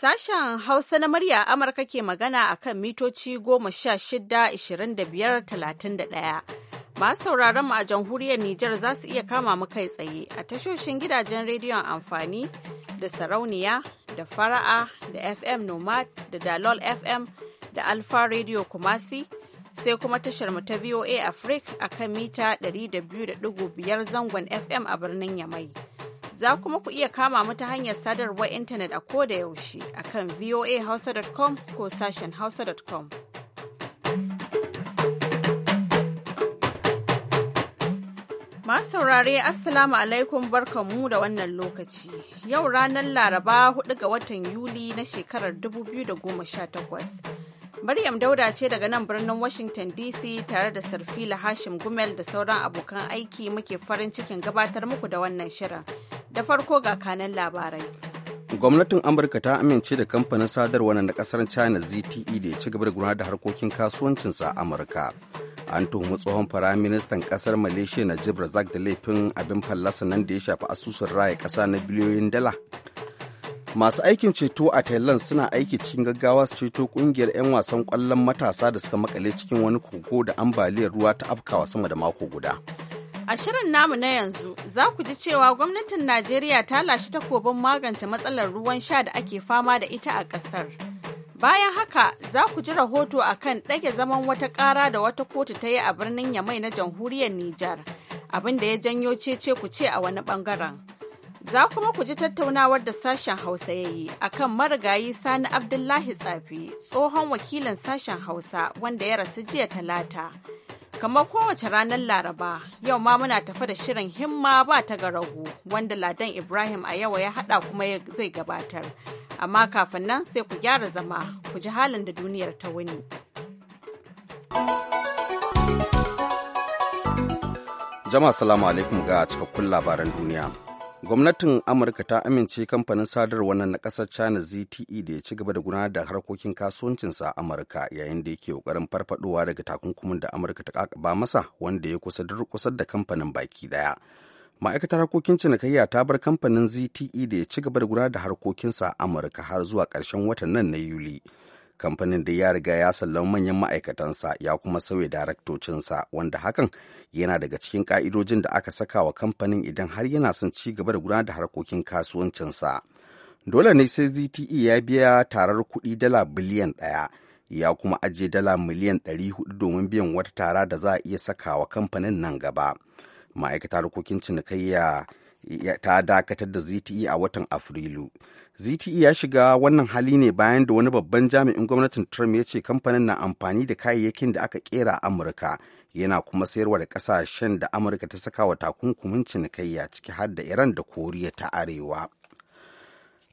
Sashen Hausa na murya Amurka ke magana a kan mitoci goma sha shida, ishirin da biyar, talatin da ɗaya. Masu sauraron mu a jamhuriyar Nijar za su iya kama mu kai tsaye a tashoshin gidajen rediyon amfani da sarauniya da fara'a da FM Nomad da Dalol FM da Alfa Radio Kumasi sai kuma tashar mu ta VOA Africa a kan mita 200.5 zangon FM a birnin Yamai. Za kuma ku iya kama mu ta hanyar sadarwar intanet a koda yaushe a kan voahausa.com ko sashen hausa.com. Masu saurare Assalamu alaikum barkanmu da wannan lokaci. Yau ranar Laraba 4 ga watan Yuli na shekarar 2018. Maryam Dauda ce daga nan birnin Washington DC tare da Sarfila Hashim Gumel da sauran abokan aiki muke farin cikin gabatar muku da wannan shirin. Da farko ga kanan labarai. Gwamnatin Amurka ta amince da kamfanin sadarwa na kasar China ZTE da ya ci gaba da gudanar da harkokin kasuwancinsa a Amurka. An tuhumi tsohon firaministan kasar Malaysia Najib Razak da laifin abin fallasa nan da ya shafi asusun raya kasa na biliyoyin dala. Masu aikin ceto a Thailand suna aiki cikin gaggawa su ceto kungiyar 'yan wasan kwallon matasa da suka makale cikin wani koko da ambaliyar ruwa ta afkawa sama da mako guda. A shirin namu na yanzu za ku ji cewa gwamnatin Najeriya ta lashe takobin magance matsalar ruwan sha da ake fama da ita a ƙasar. Bayan haka za ku ji rahoto a kan ɗage zaman wata ƙara da wata kotu ta yi a birnin Yamai na jamhuriyar Nijar, abin da ya janyo cece ku ce a wani ɓangaren. Za kuma ku ji tattaunawar da sashen Hausa ya yi a kan marigayi Sani Abdullahi Tsafi, tsohon wakilin sashen Hausa wanda ya rasu jiya talata. kamar kowace ranar laraba yau ma muna tafa da shirin himma ba ta ga rago wanda ladan ibrahim a yawa ya hada kuma zai gabatar amma kafin nan sai ku gyara zama ku ji halin da duniyar ta wuni jama'a salamu alaikum ga cikakkun labaran duniya gwamnatin amurka ta amince kamfanin sadarwa na kasar china zte da ya ci gaba da gudanar da harkokin kasuwancinsa a amurka yayin da yake kokarin farfadowa daga takunkumin da amurka ta kakaba masa wanda ya kusa durkusar da kamfanin baki daya ma'aikatar harkokin cinikayya ta bar kamfanin zte da ya ci gaba da gudanar da harkokinsa a amurka har zuwa ƙarshen watan nan na yuli kamfanin da ya riga ya sallama manyan ma'aikatansa ya kuma sauya daraktocinsa wanda hakan yana daga cikin ka'idojin da aka saka wa kamfanin idan har yana son ci gaba da gudanar da harkokin kasuwancinsa dole ne sai zte ya biya tarar kuɗi dala biliyan ɗaya ya kuma ajiye dala miliyan 400 domin biyan wata tara da za a iya saka wa kamfanin nan gaba ma'aikatar harkokin cinikayya ta dakatar da zte a watan afrilu ZTE ya shiga wannan hali ne bayan da wani babban jami'in gwamnatin Trump ya ce kamfanin na amfani da kayayyakin da aka kera a Amurka yana kuma sayarwa da kasashen da Amurka ta saka wa takunkumin cinikayya ciki har da Iran da Koriya ta Arewa.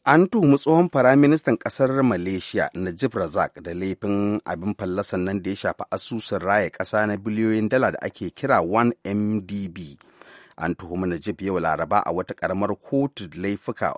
An tuhumi tsohon firaministan ƙasar Malaysia Najib Razak da laifin abin fallasan nan da ya shafi asusun raya ƙasa na biliyoyin dala da ake kira 1MDB an tuhumi najib yau laraba a wata karamar kotu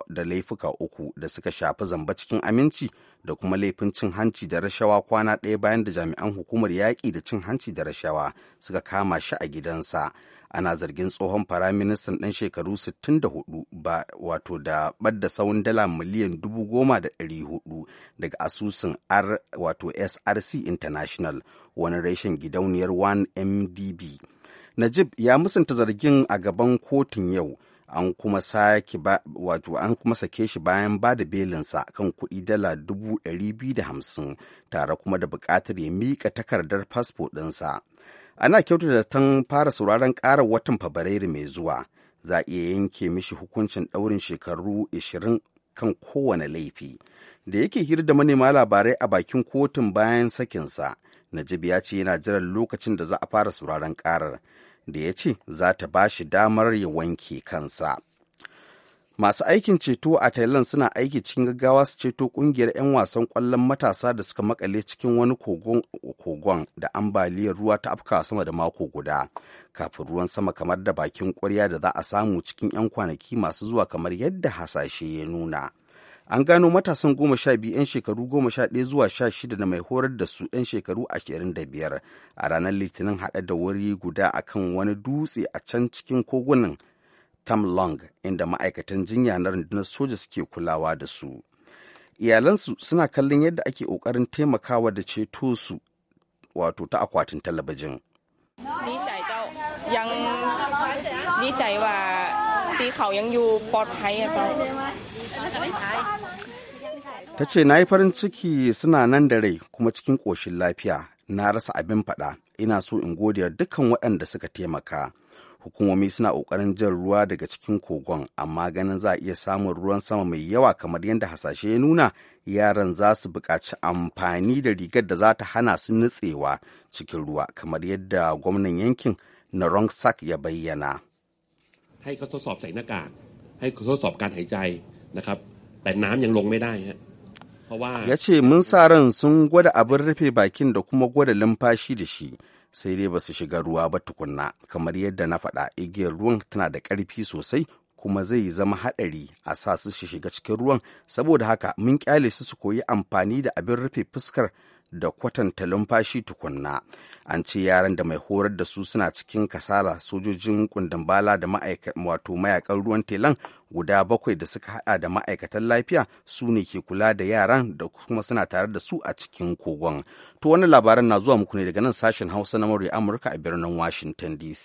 da laifuka uku da suka shafi zamba cikin aminci da kuma laifin cin hanci da rashawa kwana ɗaya bayan da jami'an hukumar yaƙi da cin hanci da rashawa suka kama shi a gidansa ana zargin tsohon faraministan ɗan shekaru 64 ba wato da ɓadda sawun dala miliyan 10,400 daga asusun r wato src international wani reshen gidauniyar 1 mdb najib ya musanta zargin a gaban kotun yau an kuma sake wato an kuma sake shi bayan ba da belinsa kan kuɗi dala dubu ɗari biyu da hamsin tare kuma da buƙatar ya miƙa takardar fasfo ɗinsa ana da tan fara sauraron ƙarar watan fabrairu mai zuwa za a iya yanke mishi hukuncin ɗaurin shekaru 20 kan kowane laifi da yake hira da manema labarai a bakin kotun bayan sakinsa najib ya ce yana jiran lokacin da za a fara sauraron ƙarar da ya ce za ta ba shi damar ya wanke kansa. Masu aikin ceto a Thailand suna aiki cikin gaggawa su ceto kungiyar 'yan wasan kwallon matasa da suka makale cikin wani kogon da ambaliyar ruwa ta afka sama da mako guda. Kafin ruwan sama kamar da bakin ƙwarya da za a samu cikin 'yan kwanaki masu zuwa kamar yadda hasashe ya nuna. an gano matasan goma sha biyu 'yan shekaru goma sha ɗaya zuwa sha shida da mai horar da su 'yan shekaru ashirin da biyar a ranar litinin haɗa da wuri guda a kan wani dutse a can cikin kogunan tamlong inda ma'aikatan jinya na rundunar soja suke kulawa da su iyalansu suna kallon yadda ake ƙoƙarin taimakawa da ceto su wato ta akwatin talabijin ni ta ce na yi farin ciki suna nan da rai kuma cikin ƙoshin lafiya na rasa abin faɗa ina so in gode dukkan waɗanda suka taimaka hukumomi suna ƙoƙarin jan ruwa daga cikin kogon amma ganin za a iya samun ruwan sama mai yawa kamar yadda hasashe ya nuna yaran za su buƙaci amfani da rigar da za ta hana su nutsewa cikin ruwa kamar yadda gwamnan yankin na rongsak ya bayyana ให้เขาทดสอบใส่หน้ากากให้เขาทดสอบการหายใจนะครับแต่น้ํายังลงไม่ได้ฮะ ya ce mun sa ran sun gwada abin rufe bakin da kuma gwada lumfashi da shi sai dai ba su shiga ruwa ba tukunna kamar yadda na faɗa igiyar ruwan tana da ƙarfi sosai kuma zai zama haɗari a sa su shiga cikin ruwan saboda haka mun kyale su su koyi amfani da abin rufe fuskar da kwatanta lumfashi tukunna an ce yaran da mai horar da su suna cikin kasala sojojin kundin bala da wato mayakan ruwan telan guda bakwai da suka hada da ma'aikatan lafiya su ne ke kula da yaran da kuma suna tare da su a cikin kogon to wannan labaran na zuwa muku ne daga nan sashen hausa na murya amurka a birnin washington dc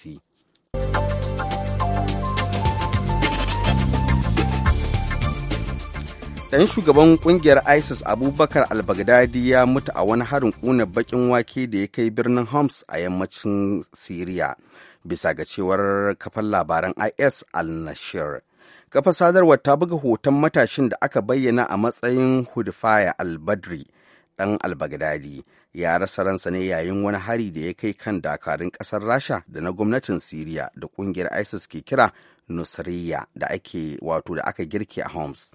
ɗan shugaban ƙungiyar isis abubakar albagdadi ya mutu a wani harin ƙuna bakin wake da ya kai birnin homs a yammacin syria bisa ga cewar kafar labaran is al-nashir kafa sadarwar ta buga hoton matashin da aka bayyana a matsayin hudfaya albadri ɗan albagdadi ya rasa ransa ne yayin wani hari da ya kai kan dakarun ƙasar rasha da na gwamnatin siriya da ƙungiyar isis ke kira nusriya da ake wato da aka girke a homs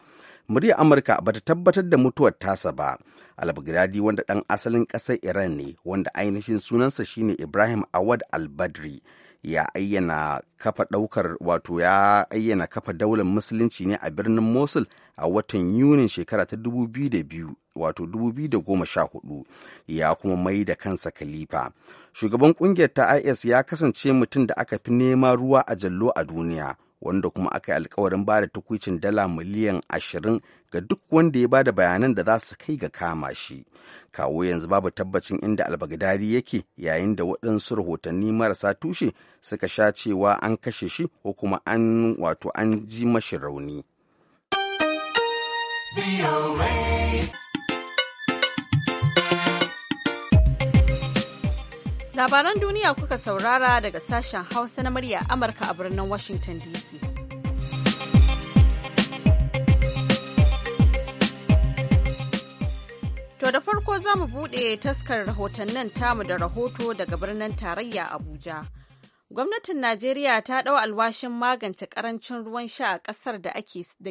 muryar amurka ba ta tabbatar da mutuwar tasa ba albagdadi wanda ɗan asalin ƙasar iran ne wanda ainihin sunansa shine ibrahim awad albadri ya ayyana kafa daukar wato ya ayyana kafa daular musulunci ne a birnin mosul a watan yunin shekara ta 2002 wato 2014 ya kuma mai da kansa khalifa shugaban kungiyar ta is ya kasance mutum da aka fi nema ruwa a jallo a duniya wanda kuma aka yi alkawarin ba da tukwicin dala miliyan 20 ga duk wanda ya bada bayanan da za su kai ga kama shi kawo yanzu babu tabbacin inda albagadari yake yayin da waɗansu rahotanni marasa tushe suka sha cewa an kashe shi ko kuma an wato an ji mashi rauni labaran duniya kuka saurara daga sashen hausa na murya amurka a birnin washington dc To da farko za mu buɗe taskar rahotannin tamu da rahoto daga birnin tarayya Abuja. Gwamnatin Najeriya ta ɗau alwashin magance ƙarancin ruwan sha a ƙasar da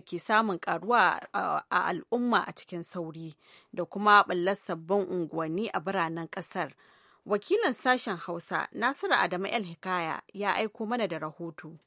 ke samun ƙaruwa a al'umma a cikin sauri da kuma ɓallar sabbin unguwanni a biranen ƙasar. Wakilin sashen Hausa Nasiru Adamu El Hikaya ya aiko mana da rahoto.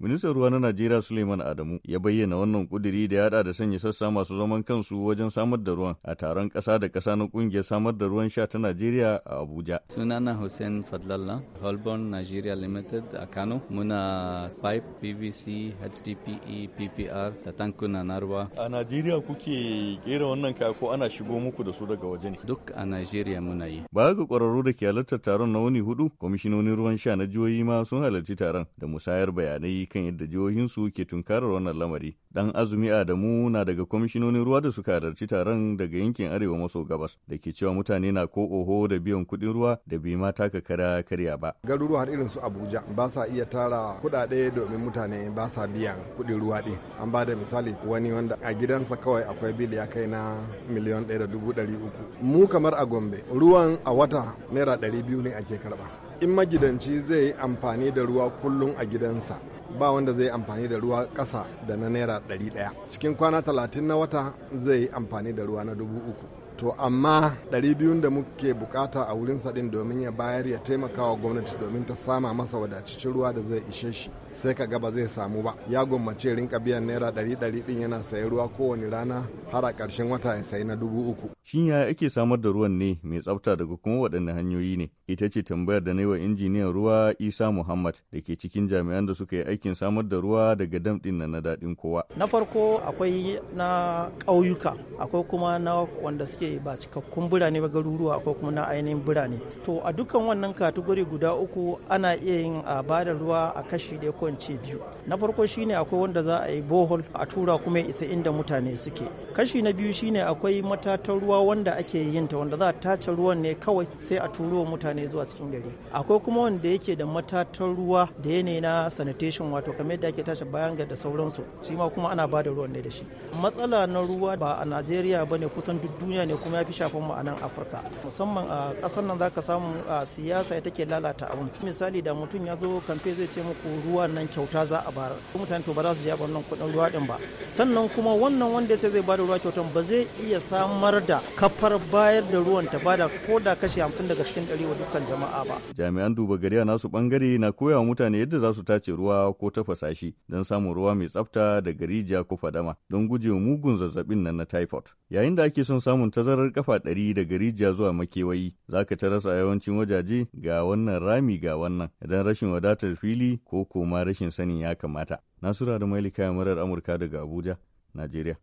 Ministan ruwa na Najeriya Suleiman Adamu ya bayyana wannan kudiri da ya hada da sanya sassa masu zaman kansu wajen samar da ruwan a taron kasa da kasa na kungiyar samar da ruwan sha ta Najeriya a Abuja. Sunana Hussein Fadlalla, Holborn Nigeria Limited a Kano. Muna pipe PVC, HDPE, PPR da tankuna na ruwa. A Najeriya kuke kera wannan kaya ko ana shigo muku da su daga waje ne? Duk a Najeriya muna yi. Baya ga kwararru da ke halartar taron na wani hudu, kwamishinonin ruwan sha na jihohi ma sun halarci taron da musayar bayanai kan yadda jihohinsu ke tunkarar wannan lamari. Dan Azumi Adamu na daga kwamishinonin ruwa da suka halarci taron daga yankin Arewa maso gabas da ke cewa mutane na ko oho da biyan kuɗin ruwa da bai ma taka kara karya ba. Garuruwa irin su Abuja ba sa iya tara kuɗaɗe domin mutane ba sa biyan kuɗin ruwa ɗin. An ba da misali wani wanda a gidansa kawai akwai bil ya kai na miliyan ɗaya da dubu ɗari uku. Mu kamar a Gombe ruwan a wata naira ɗari biyu ne ake karba. in magidanci zai yi amfani da ruwa kullum a gidansa ba wanda zai amfani da ruwa ƙasa da na naira ɗari ɗaya cikin kwana talatin na wata zai amfani da ruwa na dubu uku to amma ɗari biyun da muke bukata a wurin saɗin domin ya bayar ya taimaka wa gwamnati domin ta sama masa wadataccen ruwa da zai ishe shi sai ka gaba zai samu ba ya gwammace rinka biyan naira ɗari ɗari din yana sayi ruwa kowane rana har a ƙarshen wata ya sayi na dubu uku. shin ya ake samar da ruwan ne mai tsafta daga kuma waɗanne hanyoyi ne ita ce tambayar da na yi wa injiniyan ruwa isa muhammad da ke cikin jami'an da suka yi aikin samar da ruwa daga dam ɗin na daɗin kowa. na farko akwai na ƙauyuka akwai kuma na wanda suke ba cikakkun birane ba garuruwa akwai kuma na ainihin birane to a dukkan wannan katugori guda uku ana iya yin a ah, bada ruwa a kashi ɗaya kwance biyu na farko shine akwai wanda za a yi bohol a tura kuma isa inda mutane suke kashi na biyu shine akwai matatan ruwa wanda ake yin ta wanda za a tace ruwan ne kawai sai a turo mutane zuwa cikin gari akwai kuma wanda yake da matatan ruwa da yanayi na sanitation wato kamar yadda ake tace bayan ga da sauransu shi ma kuma ana bada ruwan ne da shi matsala na ruwa ba a Najeriya bane kusan duk duniya ne kuma ya fi shafan mu a nan Afirka musamman a kasar nan zaka samu a siyasa ya take lalata abin misali da mutum ya zo kamfe zai ce muku ruwa wannan kyauta za a bayar mutane to ba za su je wannan kudin ruwa din ba sannan kuma wannan wanda yace zai bada ruwa kyautan ba zai iya samar da kafar bayar da ruwan ta bada ko da kashi 50 daga cikin 100 wa dukkan jama'a ba jami'an duba gari a nasu bangare na koya wa mutane yadda za su tace ruwa ko tafasa shi don samun ruwa mai tsafta da gari rijiya ko fadama don gujewa mugun zazzabin nan na typhoid yayin da ake son samun tazarar kafa ɗari daga rijiya zuwa makewayi za ka rasa yawancin wajaje ga wannan rami ga wannan idan rashin wadatar fili ko koma rashin sani ya kamata. Nasura da Malika murar Amurka daga Abuja, Najeriya.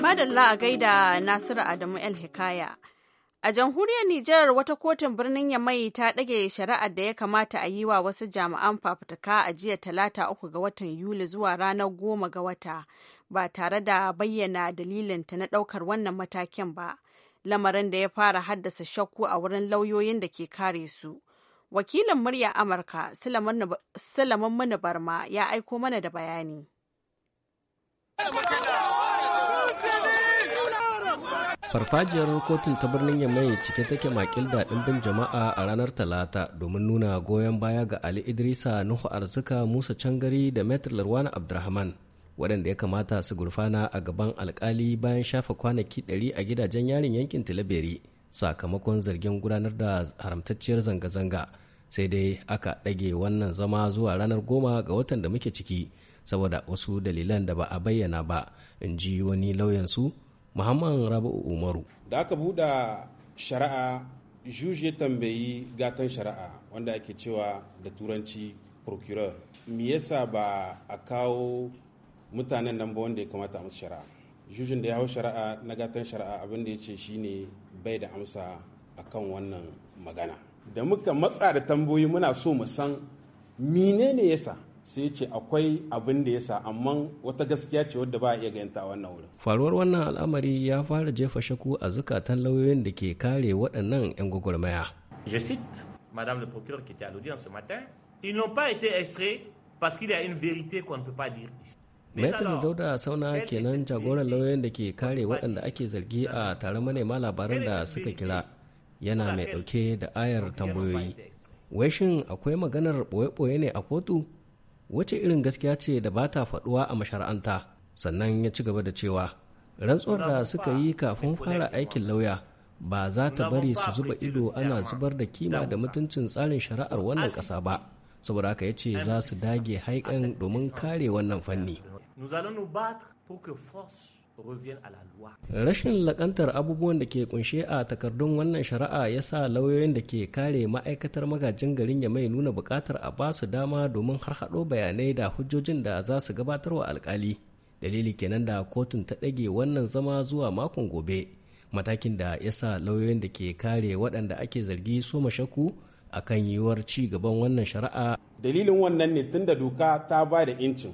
Madalla a gaida Nasiru Adamu El Hikaya. A jamhuriyar Nijar wata kotun birnin Yamai ta ɗage shari'ar da ya kamata a yi wa wasu jami'an fafutuka a jiya talata uku ga watan Yuli zuwa ranar goma ga wata ba tare da bayyana dalilinta na ɗaukar wannan matakin ba. lamarin da ya fara haddasa shakku a wurin lauyoyin da ke kare su. Wakilin murya Amurka, Sulaiman Mani Barma, ya aiko mana da bayani. farfajiyar kotun ta birnin yamai cike take makil da bin jama'a a ranar talata domin nuna goyon baya ga ali idrisa nuhu arzika musa cangari da metar larwana abdurrahman waɗanda ya kamata su gurfana a gaban alkali bayan shafa kwanaki 100 a gidajen yarin yankin tilaberi sakamakon zargin gudanar da haramtacciyar zanga-zanga sai dai aka ɗage wannan zama zuwa ranar goma ga watan da muke ciki saboda wasu dalilan da ba a bayyana ba in ji wani lauyansu muhammad rabu umaru da aka buɗe shari'a juji tambayi gatan shari'a wanda ake cewa da turanci procureur me yasa ba a kawo mutanen nan ba wanda ya kamata a musu shari'a jujin da ya hau shari'a na gatan shari'a abin da ya ce shine bai da amsa a kan wannan magana da muka matsa da tambayoyi muna so mu san menene sa sai ce akwai abin da ya sa amma wata gaskiya ce wadda ba a iya ganta a wannan wurin. faruwar wannan al'amari ya fara jefa shaku a zukatan lauyoyin da ke kare waɗannan 'yan gwagwarmaya. je cite madame le procureur qui était à l'audience ce matin ils n'ont pas été extraits parce qu'il y a une vérité qu'on ne peut pas dire da Dauda Sauna kenan jagoran lauyan da ke kare waɗanda ake zargi a tare manema labaran da suka kira yana mai ɗauke da ayar tambayoyi. Wai shin akwai maganar ɓoye-ɓoye ne a kotu? Wace irin gaskiya ce da ba ta faɗuwa a mashara'anta? Sannan ya ci gaba da cewa, rantsuwar da suka yi kafin fara aikin lauya ba za ta bari su zuba ido ana zubar da kima da mutuncin tsarin shari'ar wannan ƙasa ba. saboda haka ya ce za su dage haikan domin kare wannan fanni Nous allons nous battre pour que force Rashin lakantar abubuwan da ke kunshe a takardun wannan shari'a ya sa lauyoyin da ke kare ma'aikatar magajin garin ya mai nuna bukatar a ba su dama domin harhaɗo bayanai da hujjojin da za su gabatar wa alkali. Dalili kenan da kotun ta ɗage wannan zama zuwa makon gobe. Matakin da ya sa lauyoyin da ke kare waɗanda ake zargi soma shaku akan yiwuwar ci gaban wannan shari'a. Dalilin wannan ne tun da doka ta ba da incin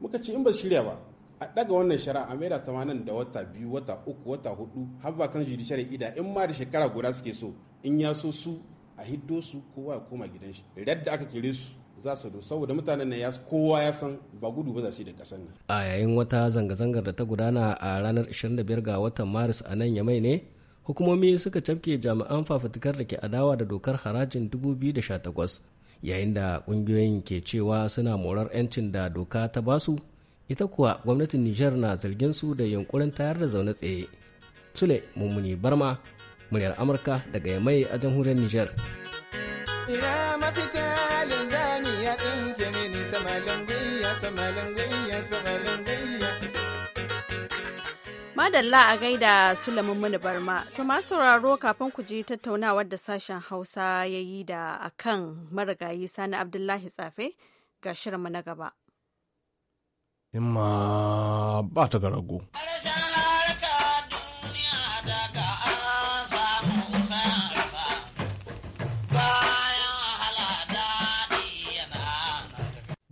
muka ce in ba shirya ba a daga wannan shari'a a maida ta da wata biyu wata uku wata hudu har ba kan judiciary ida in ma da shekara guda suke so in ya so su a hiddo su kowa ya koma gidan shi da aka kire su za su do saboda mutanen nan kowa ya san ba gudu ba za su yi da kasan nan a yayin wata zanga-zangar da ta gudana a ranar 25 ga watan maris a nan yamai ne hukumomi suka cafke jami'an fafutukar da ke adawa da dokar harajin 2018 yayin da kungiyoyin ke cewa suna morar 'yancin da doka ta basu ita kuwa gwamnatin nijar na zargin su da yunkurin tayar da zaune tsaye sule mummuni barma muryar amurka daga yamai a jamhuriyar nijar ina mafita linzami ya tsinke mini samalin gayya samalin gayya samalin gayya Madalla a gaida Sulaiman Muni Barma. To masu sauraro kafin ku je tattaunawar da sashen Hausa ya yi da akan marigayi Sani Abdullahi Tsafe ga shirinmu na gaba. ma ba ta garago.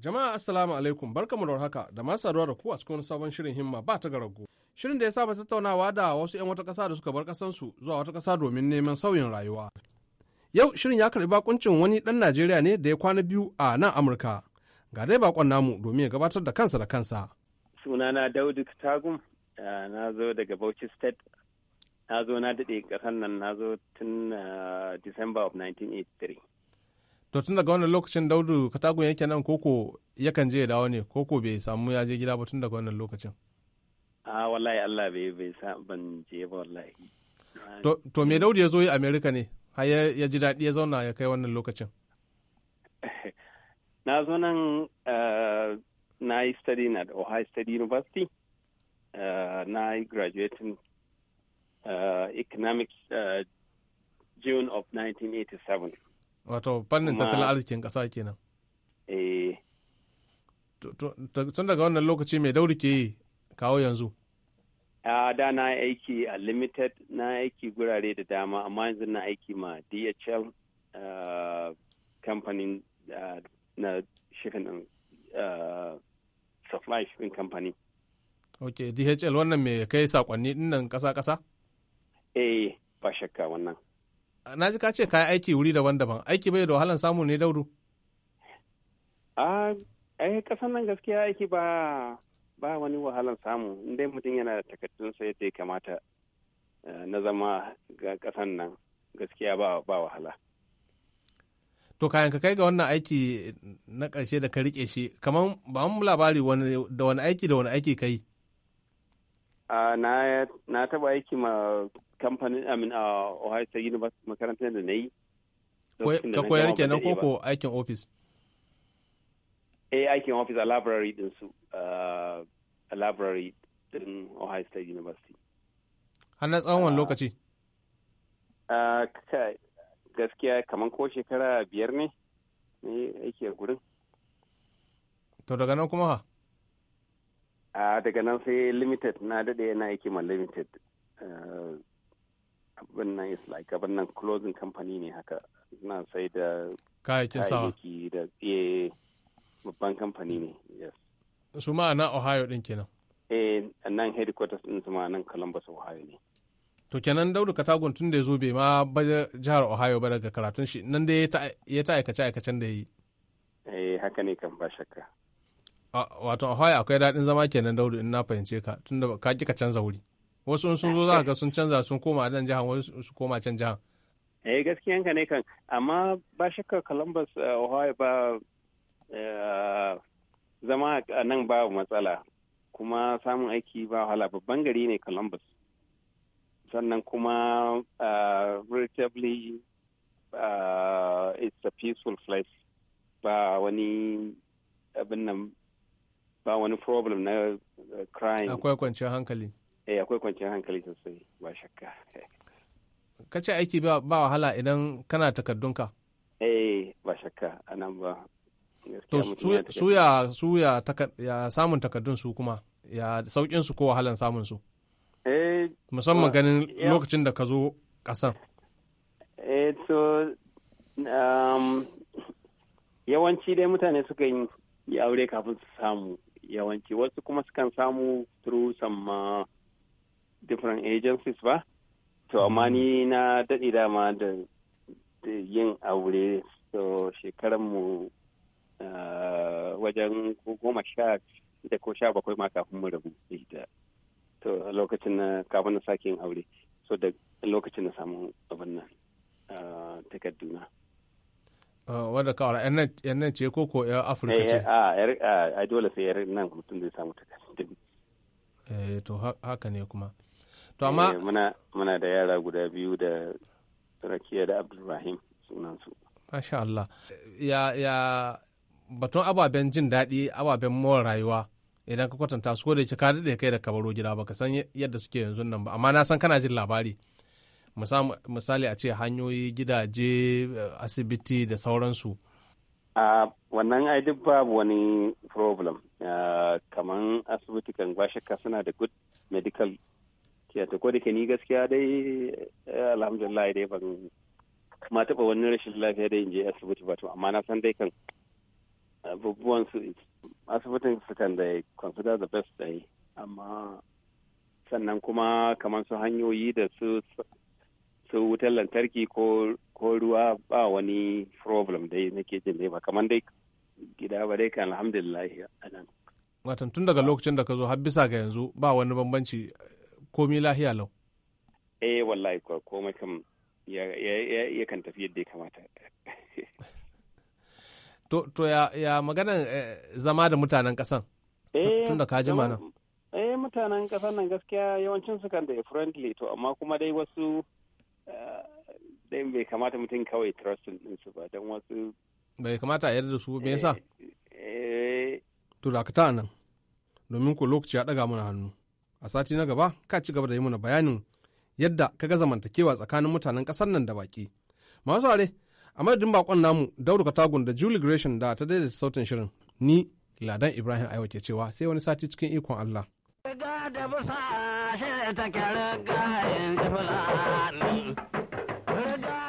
Jama'a assalamu alaikum barkamu da haka da masu saduwa da ku a cikin sabon shirin himma ba ta garagu. Shirin da ya saba tattaunawa da wasu 'yan wata ƙasa da suka bar ƙasansu zuwa wata ƙasa domin neman sauyin rayuwa. Yau shirin ya karbi bakuncin wani ɗan Najeriya ne da ya kwana biyu a nan Amurka. Ga dai bakon namu domin ya gabatar da kansa da kansa. Sunana Daudu Tagum, eh, na zo daga Bauchi State. Na zo na daɗe ƙasar nan na zo tun eh, disamba of 1983. to tun daga wannan lokacin daudu katagun yake nan koko yakan je ya dawo ne koko bai samu ya je gida ba tun daga wannan lokacin a wallahi Allah bai bai sa ban je ba wallahi to to me daudu ya zo yi America ne har ya ji daɗi ya zauna ya kai wannan lokacin na zo nan eh, na yi study at Ohio State University eh, na yi graduating eh, economics June of 1987 wato fannin tattalin arzikin ƙasa kenan eh tun daga wannan lokaci mai dauri ke kawo yanzu a da na aiki a limited na aiki gurare da dama amma yanzu na aiki ma dhl kamfanin na shirin supply shirin company ok dhl wannan mai kai sakonni dinnan kasa-kasa eh ba shakka wannan na ji ka ce kayan aiki wuri daban-daban aiki bai da wahalan samu ne daudu a eh kasan nan gaskiya aiki ba ba wani wahalan samu inda mutum yana da takardun sai ya kamata eh, na zama ga kasan nan gaskiya ba ba wahala to kayan ka kai ga wannan aiki na karshe da ka riƙe shi kamar ba mu labari da wani aiki da wani aiki kai na taɓa aiki ma kamfanin amin a ohio state university makarantar da na yi ka koyar kenan ko ko aikin ofis? eh aikin ofis a library din su uh, a library din ohio state university har na tsawon wani uh, lokaci uh, gaskiya kamar ko shekara biyar ne ne aiki a gurin to daga nan kuma ha a daga nan sai limited na daɗe yana aiki ma limited nan is like nan closing company ne haka na sai da kayayyakin sawa da tsaye eh, babban kamfani ne yes su ma na ohio din kenan eh nan headquarters din su ma nan columbus ohio ne to kenan daudu katagun tun da ya zo bai ma ba jihar ohio ba daga karatun shi nan da ya ta aikace aikacen da ya yi eh haka ne kan ba shakka wato ohio akwai daɗin zama kenan daudu in na fahimce ka tun da ka ki ka canza wuri wasu sun zo za ka sun canza sun koma nan jihar wasu su koma can jihar eh gaskiyan ka ne kan amma ba shakka Columbus eh, Ohio ba eh, zama a nan ba matsala kuma samun aiki ba wahala babban gari ne Columbus sannan kuma eh, relatively it's a peaceful place ba wani abin nan ba wani problem na crime akwai kwanciyar hankali eh akwai kwanciyar hankali sosai ba shakka ka ce aiki ba wahala idan kana takardunka eh ba shakka nan ba to su ya samun takardun su kuma ya saukin su ko wahalan samun su eh musamman ganin lokacin da ka zo ƙasan. eh to um, yawanci dai mutane sukan yi aure kafin su samu yawanci wasu kuma sukan samu through some uh, different agencies ba to amma ni hmm. na daɗi dama da yin aure so mu wajen goma sha da ko sha bakwai ma kafin mu rabu da to lokacin na kafin na sake yin aure so da lokacin na samu abin nan takarduna wadda ka yan nan ce ko ko afirka eh, ce a dole sai yar nan mutum zai samu takardun eh to haka ne kuma to amma eh, muna muna da yara guda biyu da rakiya da abdulrahim sunansu masha Allah ya ya batun ababen jin daɗi ababen more rayuwa idan ka kwatanta su ko da ka daɗe kai da kabaro gida ba ka san yadda suke yanzu nan ba amma na san kana jin labari misali a ce hanyoyi gidaje eh, asibiti da sauransu a wannan ai duk babu wani problem kaman asibiti kan ba ka suna da good medical gaskiya ta kodake ni gaskiya dai eh, alhamdulillah dai ban ma taba wani rashin lafiya dai in je asibiti ba to amma na san dai kan abubuwan su asibitin su kan da consider the best dai amma sannan kuma kamar su hanyoyi da su su wutar lantarki ko ko ruwa ba wani problem dai nake jin dai ba kamar dai gida ba dai kan alhamdulillah anan watan tun daga lokacin da ka zo har bisa ga yanzu ba wani bambanci komi lahiya lau eh wallahi ko komai kam ya kan tafi yadda ya kamata to to ya ya maganan eh, zama da mutanen kasan eh, tun da kaji mana. eh mutanen kasan nan gaskiya yawancin su kan da friendly to amma kuma dai wasu eh, dai bai kamata mutum kawai trust din su ba don wasu bai kamata a yarda su me yasa Eh to da ka ta nan domin ku lokaci ya daga mana hannu a sati na gaba ka ci gaba da yi mana bayanin yadda ka ga zamantakewa tsakanin mutanen ƙasar nan da baki masu are a madadin bakon namu daudu katagun da julie gresham da ta daidaita sautin shirin ni ladan ibrahim aiwa ke cewa sai wani sati cikin ikon allah Riga da busa shi ta fulani.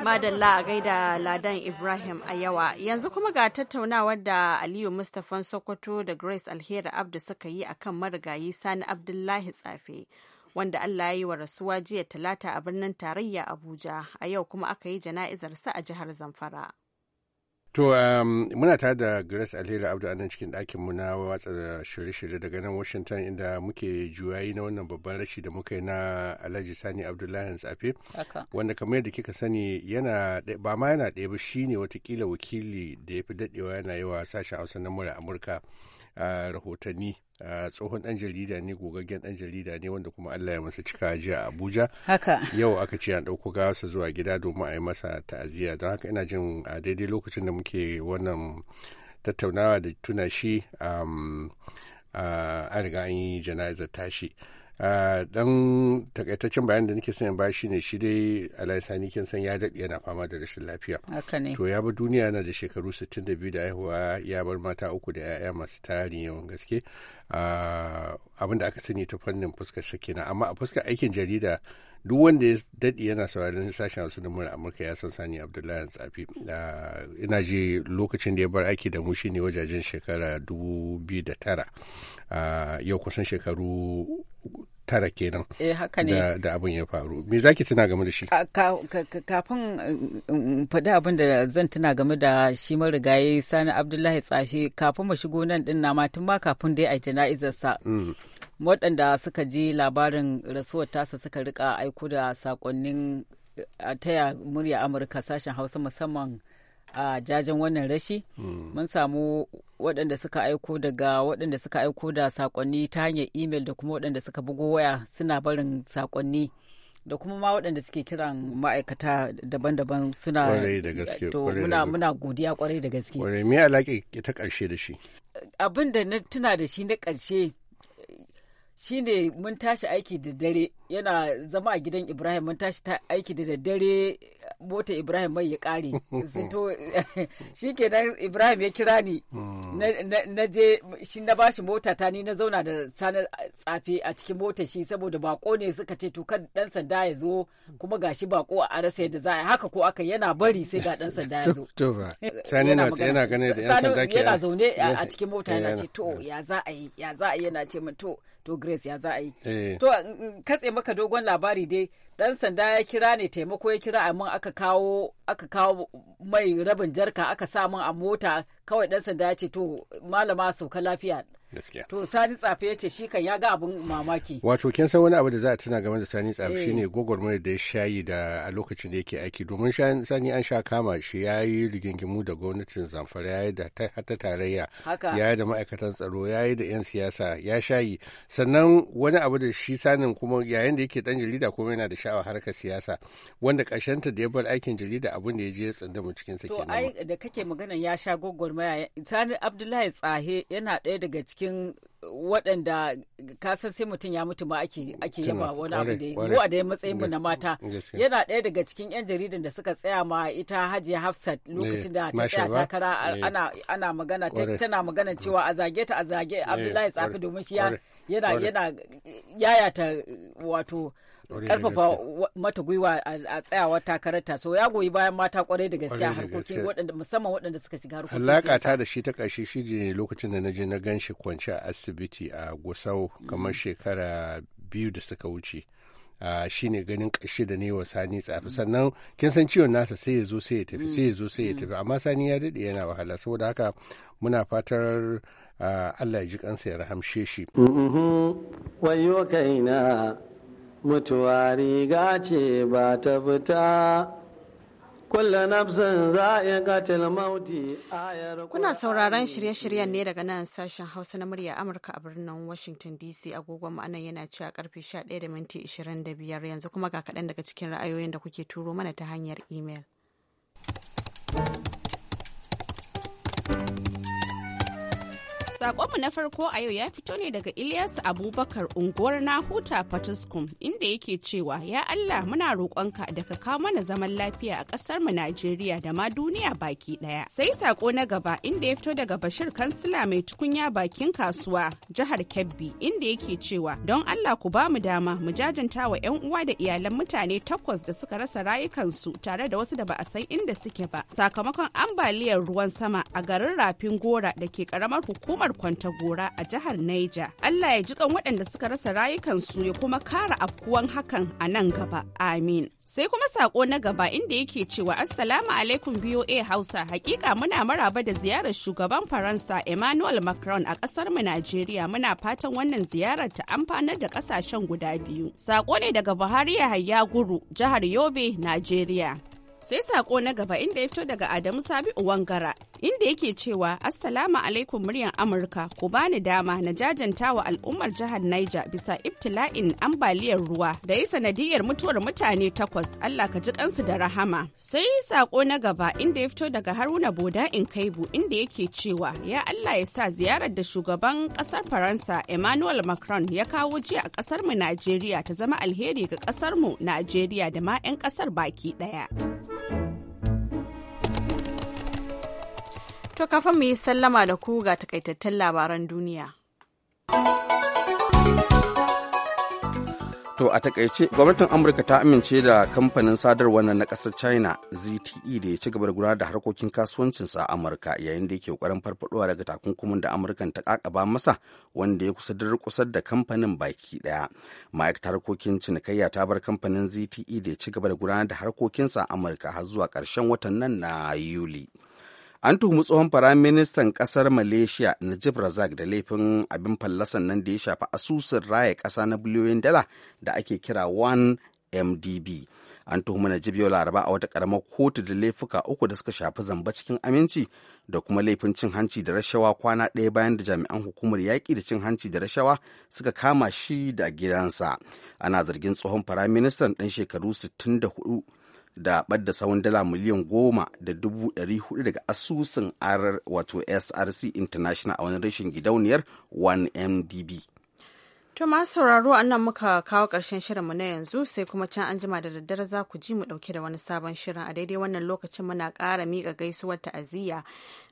Madalla a gaida Ladan Ibrahim a yawa. Yanzu kuma ga tattaunawar da Aliyu Mustapha Sokoto da Grace Alheri Abdu suka yi a kan marigayi Sani Abdullahi Tsafe. Wanda Allah ya yi wa rasuwa jiya talata a birnin tarayya Abuja, a yau kuma aka yi jana'izarsa a jihar Zamfara. To um, muna tare da Grace Alheri Abdu a nan cikin mu na watsa shirye-shirye daga nan Washington inda muke juyayi na wannan babban rashi da muka yi na Alhaji Sani Abdullahi Tsafe. Wanda kamar yadda kika sani yana ba ma yana ɗaya ba shi ne watakila wakili da ya fi daɗewa yana yi wa sashen Hausa na mura Amurka rahotanni tsohon dan jarida ne gogaggen dan jarida ne wanda kuma Allah ya masa cika jiya a Abuja. Haka. Yau aka ce an ɗauko gasa zuwa gida domin a yi masa ta'aziyya don haka ina jin a daidai lokacin da muke wannan tattaunawa da tuna shi a riga an yi jana'izar tashi. dan takaitaccen bayan da nake son ba shi ne shi dai alai kin san ya daɗe yana fama da rashin lafiya to ya bar duniya na da shekaru 62 da haihuwa ya bar mata uku da 'ya'ya masu tarin yawan gaske abin da aka sani ta fannin fuskar shakke na amma a fuskar aikin jarida duk wanda ya daɗe yana sauraron sashen wasu numar amurka ya san sani abdullahi tsafi ina ji lokacin da ya bar aiki da mu shine wajajen shekara 2009 yau kusan shekaru tara kenan eh, da abin ya faru me za ki tuna game da shi kafin um, um, faɗi abin da zan tuna game da shi marigayi sani abdullahi tsafi kafin mu shigo nan din na ma tun ba kafin dai a jana'izar sa mm. waɗanda suka ji labarin rasuwar tasa suka rika aiko da sakonnin taya murya amurka sashen hausa musamman a jajen wannan rashi hmm. mun samu waɗanda suka aiko daga waɗanda suka aiko da sakonni ta hanyar imel da kuma waɗanda suka bugo waya suna barin sakonni da kuma ma waɗanda suke kiran ma'aikata daban-daban suna to muna godiya kwarai da gaske kwarai me alaƙa ta ƙarshe da shi abin da na tuna da shi na ƙarshe shi ne mun tashi aiki da dare yana zama a gidan ibrahim mun tashi ta aiki da dare mota ibrahim mai ya kare to shi nan ibrahim ya kira ni hmm. na je shi na bashi mota ta ni na zauna da Sani tsafe a cikin mota shi saboda bako ne suka ce to dan sanda ya zo kuma gashi bako a arasa yadda za a haka ko aka yana bari sai ga dan sanda ya zo sani na yana zaune a cikin mota eh, yana ce to ya za a yi ya za a yi yana ce min to to grace ya za a yi eh. to katse maka dogon labari dai dan sanda ya kira ne taimako ya kira amin aka kawo aka kawo mai rabin jarka aka sa min a mota kawai ɗan sanda ya ce to malama sauka lafiya to sani tsafe ya ce shi kan ya ga abin mamaki wato kin san wani abu da za a tuna game da sani tsafe eh. shine gwagwarmayar da ya shayi da a lokacin da yake aiki domin sani an sha kama shi ya yi rigingimu da gwamnatin zamfara ya yi da hata tarayya ya yi da ma'aikatan tsaro ya yi da 'yan siyasa ya shayi sannan wani abu da shi sanin kuma yayin da yake dan jarida kuma yana da sha a harkar siyasa wanda ta da ya bar aikin jarida abin da ya je ya mu cikin sa kenan. To ai da kake magana ya sha gwagwarmaya Sani Abdullahi Tsahe yana ɗaya daga cikin waɗanda ka san sai mutum ya mutu ma ake ake yaba wani abu da mu a da matsayin mu na mata yana ɗaya daga cikin yan jaridan da suka tsaya ma ita Hajiya Hafsat eh, lokacin da ta tsaya takara eh. ana ana magana tana magana cewa a zage ta a zage eh, Abdullahi Tsafi domin shi yana yana yayata wato karfafa mata gwiwa a tsayawa takararta so ya goyi bayan mata kwarai da gaskiya harkokin waɗanda musamman waɗanda suka shiga harkokin alaka ta da shi ta ƙarshe shi ne lokacin da na je na gan shi kwance a asibiti a gusau mm. kamar shekara biyu da suka wuce shi ne ganin ƙarshe da ne wa sani tsafi mm. sannan kin san ciwon nasa sai ya zo sai ya tafi sai ya mm. zo sai ya tafi amma sani ya daɗe yana wahala saboda haka muna fatar Allah ya ji kansa ya rahamshe shi. Mm-hmm. Wayo kaina mutuwa riga ce ba ta fita kulla nafsin katil mauti ayar kuna sauraron shirye-shiryen ne daga nan sashen hausa na murya amurka a birnin washington dc agogon ma'anan yana cewa karfe 11 da minti yanzu kuma ga kaɗan daga cikin ra'ayoyin da kuke turo mana ta hanyar imel Sakonmu na farko a yau ya fito ne daga Ilyas Abubakar unguwar Nahuta Fatuskum inda yake cewa ya Allah muna roƙonka da ka kawo mana zaman lafiya a ƙasar mu Najeriya da ma duniya baki ɗaya. Sai sako na gaba inda ya fito daga Bashir Kansila mai tukunya bakin kasuwa jihar Kebbi inda yake cewa don Allah ku bamu dama mu jajanta wa 'yan uwa da iyalan mutane takwas da suka rasa rayukansu tare da wasu da ba a san inda suke ba sakamakon ambaliyar ruwan sama a garin Rafin Gora da ke ƙaramar hukumar jihar Kwantagora a jihar Niger. Allah ya kan waɗanda suka rasa rayukansu ya kuma kara afkuwan hakan a nan gaba. Amin. Sai kuma sako na gaba inda yake cewa Assalamu alaikum BOA Hausa hakika muna maraba da ziyarar shugaban Faransa Emmanuel Macron a kasar mu Najeriya muna fatan wannan ziyarar ta amfanar da kasashen guda biyu. Sako ne daga Buhari Yahaya Guru, jihar Yobe, Najeriya. sai sako na gaba inda ya fito daga adamu sabi'u wangara inda yake cewa assalamu alaikum muryan amurka ku bani dama na jajanta wa al'ummar jihar niger bisa ibtila'in ambaliyar ruwa da ya sanadiyar mutuwar mutane takwas allah ka ji kansu da rahama sai sako na gaba inda ya fito daga haruna boda in kaibu inda yake cewa ya allah ya sa ziyarar da shugaban kasar faransa emmanuel macron ya kawo jiya a kasar mu najeriya ta zama alheri ga kasar mu najeriya da ma 'yan kasar baki ɗaya. To kafin mu yi sallama da ku ga takaitattun labaran duniya. To a takaice gwamnatin Amurka ta amince da kamfanin sadarwa na ƙasar China ZTE da ya ci gaba da gudanar da harkokin kasuwancinsa a Amurka yayin da yake ƙoƙarin farfadowa daga takunkumin da Amurkan ta kakaba masa wanda ya kusa durƙusar da kamfanin baki ɗaya. Ma'aikatar harkokin cinikayya ta bar kamfanin ZTE da ya ci gaba da gudanar da harkokinsa a Amurka har zuwa ƙarshen watan nan na Yuli. an tuhumi tsohon firaministan ƙasar malaysia najib razak da laifin abin fallasan nan da ya shafi asusun raya ƙasa na biliyoyin dala da ake kira 1mdb an tuhumi najib yau laraba a wata ƙaramar kotu da laifuka uku da suka shafi zamba cikin aminci da kuma laifin cin hanci da rashawa kwana ɗaya bayan da jami'an hukumar yaƙi da cin hanci da rashawa suka kama shi da gidansa ana zargin tsohon firaministan ɗan shekaru 64 da ɓadda sahun dala miliyan goma da dubu ɗari hudu daga asusun wato src international a wani rashin gidauniyar 1mdb To masu sauraro a nan muka kawo ƙarshen shirinmu na yanzu sai kuma can an jima da daddare za ku ji mu ɗauke da wani sabon shirin a daidai wannan lokacin muna ƙara miƙa gaisuwar ta'aziyya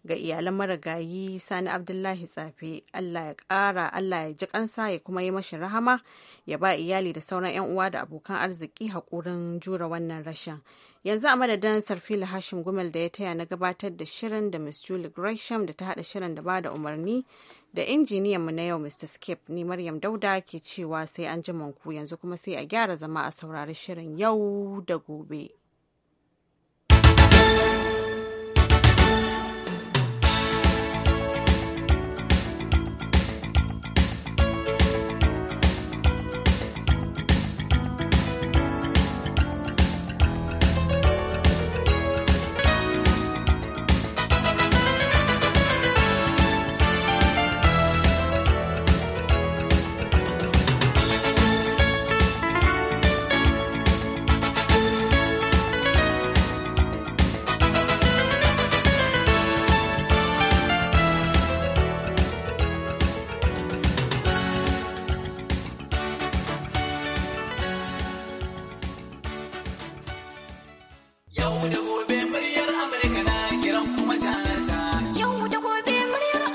ga iyalan marigayi Sani Abdullahi Tsafe Allah ya ƙara Allah ya ji kansa ya kuma yi mashi rahama ya ba iyali da sauran 'yan uwa da abokan arziki haƙurin jure wannan rashin. yanzu a madadin sarfila hashim gumel da ya taya na gabatar da shirin da miss julie gresham da ta hada shirin da ba da umarni da injiniyan mu na yau Mr. Skip ni Maryam Dauda ke cewa sai an ji ku yanzu kuma sai a gyara zama a saurari shirin yau da gobe.